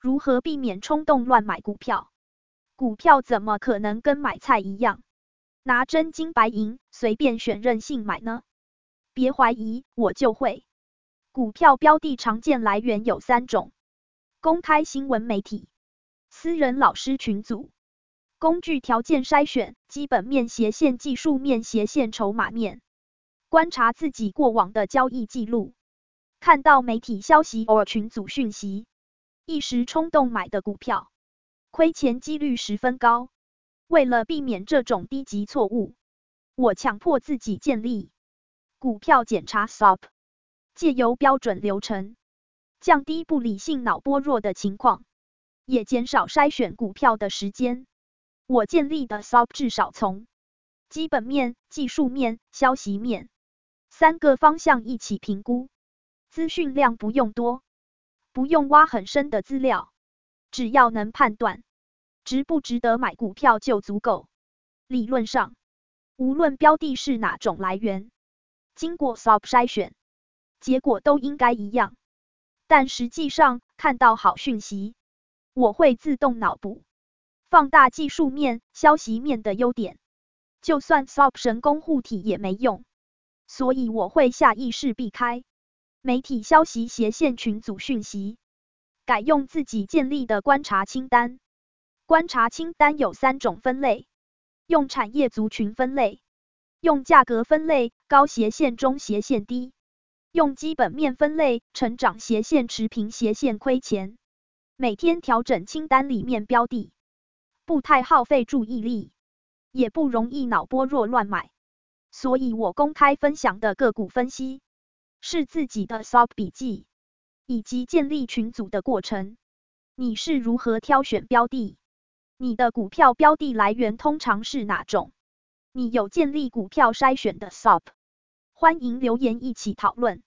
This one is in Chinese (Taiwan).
如何避免衝動亂買股票？股票怎麼可能跟買菜一樣，拿真金白銀隨便選任性買呢？別懷疑，我就會。股票標的常見來源有三種：公開新聞媒體、私人老師群組、工具條件篩選、基本面斜線、技術面斜線、籌碼面。觀察自己過往的交易記錄，看到媒體消息或群組訊息。一時衝動買的股票，虧錢幾率十分高。為了避免這種低級錯誤，我強迫自己建立股票檢查 SOP，借由標準流程，降低不理性腦波弱的情況，也減少篩選股票的時間。我建立的 SOP 至少從基本面、技術面、消息面三個方向一起評估，資訊量不用多。不用挖很深的資料，只要能判斷值不值得買股票就足夠。理論上，無論標的是哪種來源，經過 SOP 篩選，結果都應該一樣。但實際上，看到好訊息，我會自動腦補放大技術面、消息面的優點，就算 SOP 神功護體也沒用，所以我會下意識避開。媒體消息斜線群組訊息，改用自己建立的觀察清單。觀察清單有三種分類：用產業族群分類，用價格分類（高斜線、中斜線、低）；用基本面分類（成長斜線、持平斜線、虧錢）。每天調整清單裡面標的，不太耗費注意力，也不容易腦波弱亂買。所以我公開分享的個股分析。是自己的 SOP 筆記，以及建立群組的過程。你是如何挑選標的？你的股票標的來源通常是哪種？你有建立股票篩選的 SOP？歡迎留言一起討論。